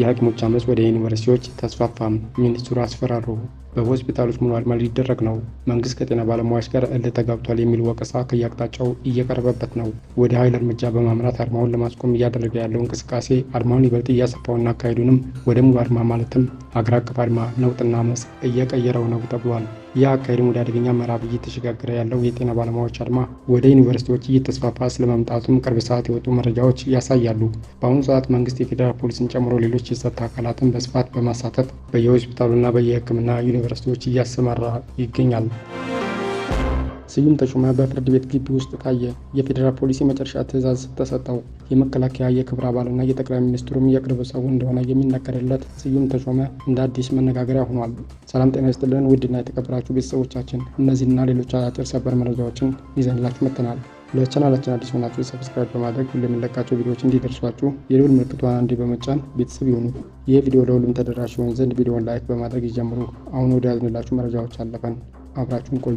የሐኪሞች አመፅ ወደ ዩኒቨርሲቲዎች ተስፋፋም። ሚኒስትሩ አስፈራሩ። በሆስፒታሎች ሙሉ አድማ ሊደረግ ነው፣ መንግስት ከጤና ባለሙያዎች ጋር እልህ ተጋብቷል የሚል ወቀሳ ከየአቅጣጫው እየቀረበበት ነው። ወደ ኃይል እርምጃ በማምራት አድማውን ለማስቆም እያደረገ ያለው እንቅስቃሴ አድማውን ይበልጥ እያሰፋውና አካሄዱንም ወደ ሙሉ አድማ ማለትም አገር አቀፍ አድማ ነውጥና መስ እየቀየረው ነው ተብሏል። ይህ አካሄድም ወደ አደገኛ ምዕራፍ እየተሸጋገረ ያለው የጤና ባለሙያዎች አድማ ወደ ዩኒቨርሲቲዎች እየተስፋፋ ስለመምጣቱም ቅርብ ሰዓት የወጡ መረጃዎች ያሳያሉ። በአሁኑ ሰዓት መንግስት የፌዴራል ፖሊስን ጨምሮ ሌሎች የጸጥታ አካላትን በስፋት በማሳተፍ በየሆስፒታሉና በየሕክምና ዩኒቨርሲቲዎች እያሰማራ ይገኛል። ስዩም ተሾመ በፍርድ ቤት ግቢ ውስጥ ታየ። የፌዴራል ፖሊስ የመጨረሻ ትዕዛዝ ተሰጠው። የመከላከያ የክብር አባልና የጠቅላይ ሚኒስትሩም የቅርብ ሰው እንደሆነ የሚነገርለት ስዩም ተሾመ እንደ አዲስ መነጋገሪያ ሆኗል። ሰላም ጤና ይስጥልን ውድና የተከበራችሁ ቤተሰቦቻችን፣ እነዚህና ሌሎች አጫጭር ሰበር መረጃዎችን ይዘንላችሁ መጥተናል። ለቻናላችን አዲስ ሆናችሁ ሰብስክራይብ በማድረግ ለምንለቃቸው ቪዲዮዎች እንዲደርሷችሁ የደወል ምልክቷን አንዴ በመጫን ቤተሰብ ይሁኑ። ይህ ቪዲዮ ለሁሉም ተደራሽ ይሆን ዘንድ ቪዲዮን ላይክ በማድረግ ይጀምሩ። አሁን ወደ ያዝንላችሁ መረጃዎች አለፈን፣ አብራችሁን ቆዩ።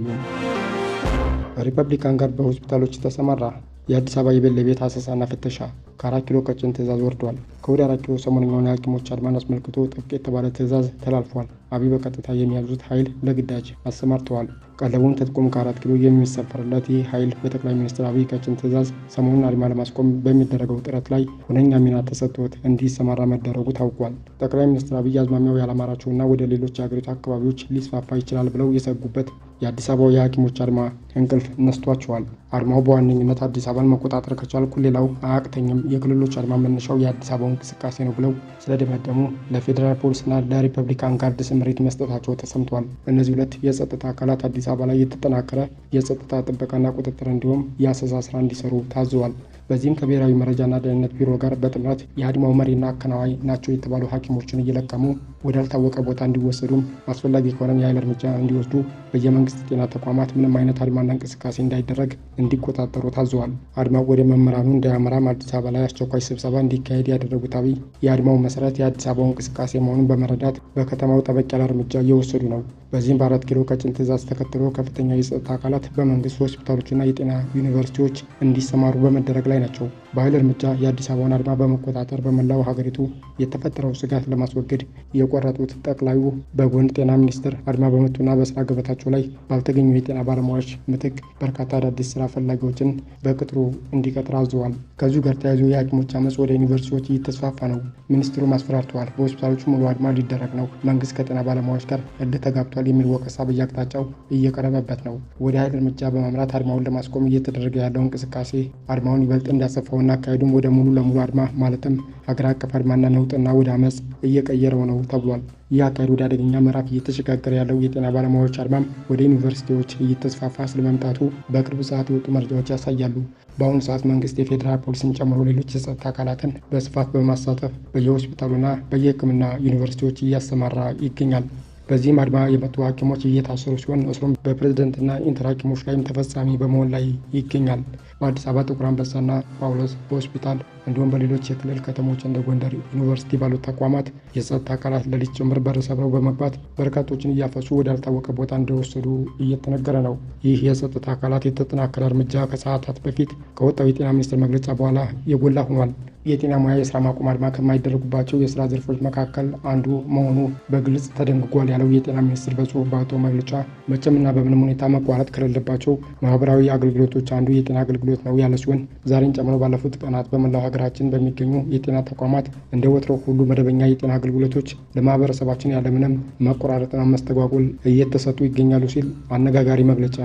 ሪፐብሊካን ጋርድ በሆስፒታሎች ተሰማራ። የአዲስ አበባ የበለ ቤት አሰሳና ፍተሻ ከአራት ኪሎ ቀጭን ትዕዛዝ ወርዷል። ከወደ አራት ኪሎ ሰሞንኛውን የሐኪሞች አድማን አስመልክቶ ጥብቅ የተባለ ትዕዛዝ ተላልፏል። አብይ በቀጥታ የሚያዙት ኃይል ለግዳጅ አሰማርተዋል። ቀለቡን ተጥቆም ከአራት ኪሎ የሚሰፈርለት ይህ ኃይል በጠቅላይ ሚኒስትር አብይ አህመድ ሰሞኑን አድማ ለማስቆም በሚደረገው ጥረት ላይ ሁነኛ ሚና ተሰጥቶት እንዲሰማራ መደረጉ ታውቋል። ጠቅላይ ሚኒስትር አብይ አዝማሚያው ያላማራቸውና ወደ ሌሎች የአገሪቱ አካባቢዎች ሊስፋፋ ይችላል ብለው የሰጉበት የአዲስ አበባው የሐኪሞች አድማ እንቅልፍ ነስቷቸዋል። አድማው በዋነኝነት አዲስ አበባን መቆጣጠር ከቻልኩ ሌላው አያቅተኝም፣ የክልሎች አድማ መነሻው የአዲስ አበባው እንቅስቃሴ ነው ብለው ስለደመደሙ ለፌዴራል ፖሊስና ለሪፐብሊካን ጋርድ ስምሪት መስጠታቸው ተሰምቷል። እነዚህ ሁለት የጸጥታ አካላት አዲስ አዲስ አበባ ላይ የተጠናከረ የጸጥታ ጥበቃና ቁጥጥር እንዲሁም የአሰሳ ስራ እንዲሰሩ ታዘዋል። በዚህም ከብሔራዊ መረጃና ደህንነት ቢሮ ጋር በጥምረት የአድማው መሪና አከናዋይ ናቸው የተባሉ ሐኪሞችን እየለቀሙ ወዳልታወቀ ቦታ እንዲወሰዱም አስፈላጊ ከሆነም የኃይል እርምጃ እንዲወስዱ በየመንግስት ጤና ተቋማት ምንም አይነት አድማና እንቅስቃሴ እንዳይደረግ እንዲቆጣጠሩ ታዘዋል። አድማው ወደ መምህራኑ እንዳያመራም አዲስ አበባ ላይ አስቸኳይ ስብሰባ እንዲካሄድ ያደረጉት አብይ የአድማው መሰረት የአዲስ አበባው እንቅስቃሴ መሆኑን በመረዳት በከተማው ጠበቅ ያለ እርምጃ እየወሰዱ ነው። በዚህም በአራት ኪሎ ቀጭን ትእዛዝ ተከትሎ ከፍተኛ የጸጥታ አካላት በመንግስት ሆስፒታሎችና የጤና ዩኒቨርሲቲዎች እንዲሰማሩ በመደረግ ላይ ናቸው። በኃይል እርምጃ የአዲስ አበባን አድማ በመቆጣጠር በመላው ሀገሪቱ የተፈጠረው ስጋት ለማስወገድ የቆረጡት ጠቅላዩ በጎን ጤና ሚኒስቴር አድማ በመቱና በስራ ገበታቸው ላይ ባልተገኙ የጤና ባለሙያዎች ምትክ በርካታ አዳዲስ ስራ ፈላጊዎችን በቅጥሩ እንዲቀጥር አዘዋል። ከዚሁ ጋር ተያይዞ የሐኪሞች አመፅ ወደ ዩኒቨርሲቲዎች እየተስፋፋ ነው። ሚኒስትሩም አስፈራርተዋል። በሆስፒታሎቹ ሙሉ አድማ ሊደረግ ነው፣ መንግስት ከጤና ባለሙያዎች ጋር እልህ ተጋብቷል የሚል ወቀሳ በየአቅጣጫው እየቀረበበት ነው። ወደ ኃይል እርምጃ በማምራት አድማውን ለማስቆም እየተደረገ ያለው እንቅስቃሴ አድማውን ይበልጥ እንዳሰፋውን አካሄዱም ወደ ሙሉ ለሙሉ አድማ ማለትም ሀገር አቀፍ አድማና ነውጥና ወደ አመፅ እየቀየረው ነው ተብሏል። ይህ አካሄድ ወደ አደገኛ ምዕራፍ እየተሸጋገረ ያለው የጤና ባለሙያዎች አድማም ወደ ዩኒቨርሲቲዎች እየተስፋፋ ስለመምጣቱ በቅርብ ሰዓት የወጡ መረጃዎች ያሳያሉ። በአሁኑ ሰዓት መንግስት የፌዴራል ፖሊስን ጨምሮ ሌሎች የጸጥታ አካላትን በስፋት በማሳተፍ በየሆስፒታሉና በየሕክምና ዩኒቨርሲቲዎች እያሰማራ ይገኛል። በዚህም አድማ የመቱ ሐኪሞች እየታሰሩ ሲሆን እስሩም በፕሬዝደንትና ኢንተር ሐኪሞች ላይም ተፈጻሚ በመሆን ላይ ይገኛል። በአዲስ አበባ ጥቁር አንበሳና ጳውሎስ በሆስፒታል እንዲሁም በሌሎች የክልል ከተሞች እንደ ጎንደር ዩኒቨርሲቲ ባሉት ተቋማት የጸጥታ አካላት ሌሊት ጭምር በር ሰብረው በመግባት በርካቶችን እያፈሱ ወዳልታወቀ ቦታ እንደወሰዱ እየተነገረ ነው። ይህ የጸጥታ አካላት የተጠናከረ እርምጃ ከሰዓታት በፊት ከወጣው የጤና ሚኒስቴር መግለጫ በኋላ የጎላ ሆኗል። የጤና ሙያ የስራ ማቆም አድማ ከማይደረጉባቸው የስራ ዘርፎች መካከል አንዱ መሆኑ በግልጽ ተደንግጓል ያለው የጤና ሚኒስትር በጽሁፍ ባወጣው መግለጫ መቼምና በምንም ሁኔታ መቋረጥ ከሌለባቸው ማህበራዊ አገልግሎቶች አንዱ የጤና አገልግሎት ነው ያለ ሲሆን ዛሬን ጨምሮ ባለፉት ቀናት በመላው ሀገራችን በሚገኙ የጤና ተቋማት እንደ ወትሮ ሁሉ መደበኛ የጤና አገልግሎቶች ለማህበረሰባችን ያለምንም መቆራረጥና መስተጓጎል እየተሰጡ ይገኛሉ ሲል አነጋጋሪ መግለጫ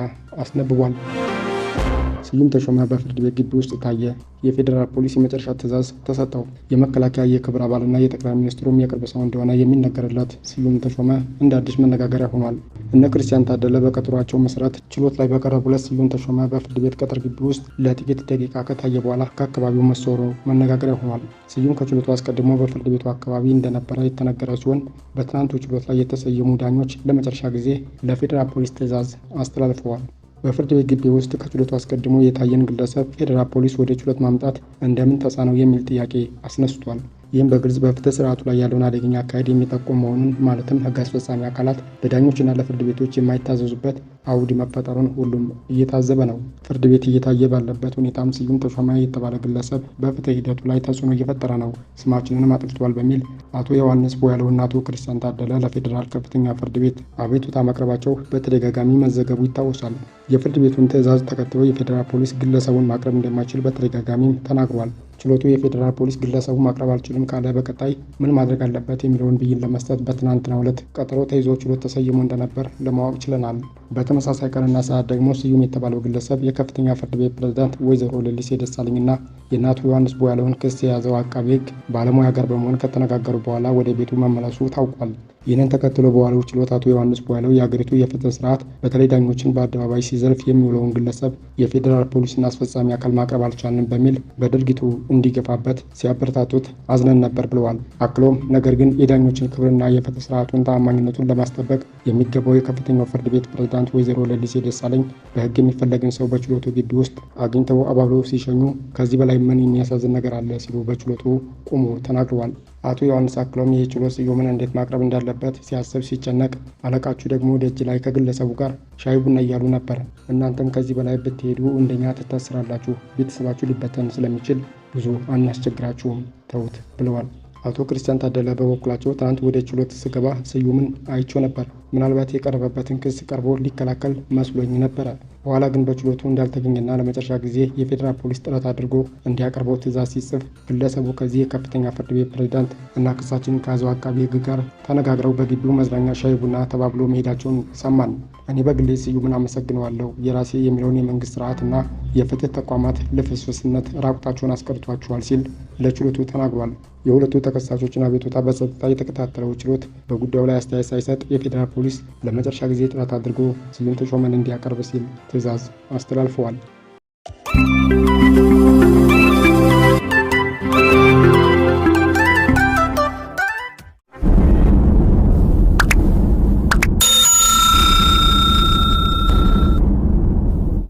አስነብቧል። ስዩም ተሾመ በፍርድ ቤት ግቢ ውስጥ ታየ። የፌዴራል ፖሊስ የመጨረሻ ትዕዛዝ ተሰጠው። የመከላከያ የክብር አባልና የጠቅላይ ሚኒስትሩም የቅርብ ሰው እንደሆነ የሚነገርለት ስዩም ተሾመ እንደ አዲስ መነጋገሪያ ሆኗል። እነ ክርስቲያን ታደለ በቀጠሯቸው መሰረት ችሎት ላይ በቀረቡለት ስዩም ተሾመ በፍርድ ቤት ቅጥር ግቢ ውስጥ ለጥቂት ደቂቃ ከታየ በኋላ ከአካባቢው መሰወሩ መነጋገሪያ ሆኗል። ስዩም ከችሎቱ አስቀድሞ በፍርድ ቤቱ አካባቢ እንደነበረ የተነገረ ሲሆን በትናንቱ ችሎት ላይ የተሰየሙ ዳኞች ለመጨረሻ ጊዜ ለፌዴራል ፖሊስ ትዕዛዝ አስተላልፈዋል። በፍርድ ቤት ግቢ ውስጥ ከችሎቱ አስቀድሞ የታየን ግለሰብ ፌዴራል ፖሊስ ወደ ችሎት ማምጣት እንደምን ተሳነው የሚል ጥያቄ አስነስቷል። ይህም በግልጽ በፍትህ ስርዓቱ ላይ ያለውን አደገኛ አካሄድ የሚጠቁም መሆኑን ማለትም ህግ አስፈጻሚ አካላት ለዳኞችና ለፍርድ ቤቶች የማይታዘዙበት አውድ መፈጠሩን ሁሉም እየታዘበ ነው። ፍርድ ቤት እየታየ ባለበት ሁኔታም ስዩም ተሾመ የተባለ ግለሰብ በፍትህ ሂደቱ ላይ ተጽዕኖ እየፈጠረ ነው፣ ስማችንንም አጥፍቷል በሚል አቶ ዮሐንስ ቦያለውና አቶ ክርስቲያን ታደለ ለፌዴራል ከፍተኛ ፍርድ ቤት አቤቱታ መቅረባቸው በተደጋጋሚ መዘገቡ ይታወሳል። የፍርድ ቤቱን ትዕዛዝ ተከትሎ የፌዴራል ፖሊስ ግለሰቡን ማቅረብ እንደማይችል በተደጋጋሚም ተናግሯል። ችሎቱ የፌዴራል ፖሊስ ግለሰቡ ማቅረብ አልችልም ካለ በቀጣይ ምን ማድረግ አለበት የሚለውን ብይን ለመስጠት በትናንትናው ዕለት ቀጠሮ ተይዞ ችሎት ተሰይሞ እንደነበር ለማወቅ ችለናል። በተመሳሳይ ቀንና ሰዓት ደግሞ ስዩም የተባለው ግለሰብ የከፍተኛ ፍርድ ቤት ፕሬዝዳንት ወይዘሮ ሌሊሴ ደሳለኝና የእናቱ ዮሐንስ ቦያለውን ክስ የያዘው አቃቢ ሕግ ባለሙያ ጋር በመሆን ከተነጋገሩ በኋላ ወደ ቤቱ መመለሱ ታውቋል። ይህንን ተከትሎ በዋለው ችሎት አቶ ዮሐንስ ቦያለው የአገሪቱ የፍትህ ስርዓት በተለይ ዳኞችን በአደባባይ ሲዘልፍ የሚውለውን ግለሰብ የፌዴራል ፖሊስና አስፈጻሚ አካል ማቅረብ አልቻልንም በሚል በድርጊቱ እንዲገፋበት ሲያበረታቱት አዝነን ነበር ብለዋል። አክሎም ነገር ግን የዳኞችን ክብርና የፍትህ ስርዓቱን ተአማኝነቱን ለማስጠበቅ የሚገባው የከፍተኛው ፍርድ ቤት ፕሬዝዳንት ፕሬዝዳንት ወይዘሮ ለሊሴ ደሳለኝ በህግ የሚፈለግን ሰው በችሎቱ ግቢ ውስጥ አግኝተው አባብለው ሲሸኙ ከዚህ በላይ ምን የሚያሳዝን ነገር አለ ሲሉ በችሎቱ ቁሙ ተናግረዋል። አቶ ዮሐንስ አክለውም ይህ ችሎት ስዩምን እንዴት ማቅረብ እንዳለበት ሲያስብ ሲጨነቅ፣ አለቃችሁ ደግሞ ደጅ ላይ ከግለሰቡ ጋር ሻይ ቡና እያሉ ነበር። እናንተም ከዚህ በላይ ብትሄዱ እንደኛ ትታስራላችሁ፣ ቤተሰባችሁ ሊበተን ስለሚችል ብዙ አናስቸግራችሁም ተውት ብለዋል። አቶ ክርስቲያን ታደለ በበኩላቸው ትናንት ወደ ችሎት ስገባ ስዩምን አይቼው ነበር። ምናልባት የቀረበበትን ክስ ቀርቦ ሊከላከል መስሎኝ ነበረ። በኋላ ግን በችሎቱ እንዳልተገኘና ለመጨረሻ ጊዜ የፌዴራል ፖሊስ ጥረት አድርጎ እንዲያቀርበው ትዕዛዝ ሲጽፍ ግለሰቡ ከዚህ የከፍተኛ ፍርድ ቤት ፕሬዝዳንት እና ክሳችን ከያዘው አቃቢ ሕግ ጋር ተነጋግረው በግቢው መዝናኛ ሻይ ቡና ተባብሎ መሄዳቸውን ሰማን። እኔ በግሌ ስዩምን አመሰግነዋለሁ። የራሴ የሚለውን የመንግስት ስርዓትና የፍትህ ተቋማት ልፍስፍስነት ራቁታቸውን አስቀርቷቸዋል ሲል ለችሎቱ ተናግሯል። የሁለቱ ተከሳሾችን አቤቱታ በጸጥታ የተከታተለው ችሎት በጉዳዩ ላይ አስተያየት ሳይሰጥ የፌዴራል ፖሊስ ለመጨረሻ ጊዜ ጥረት አድርጎ ስዩም ተሾመን እንዲያቀርብ ሲል ትዕዛዝ አስተላልፈዋል።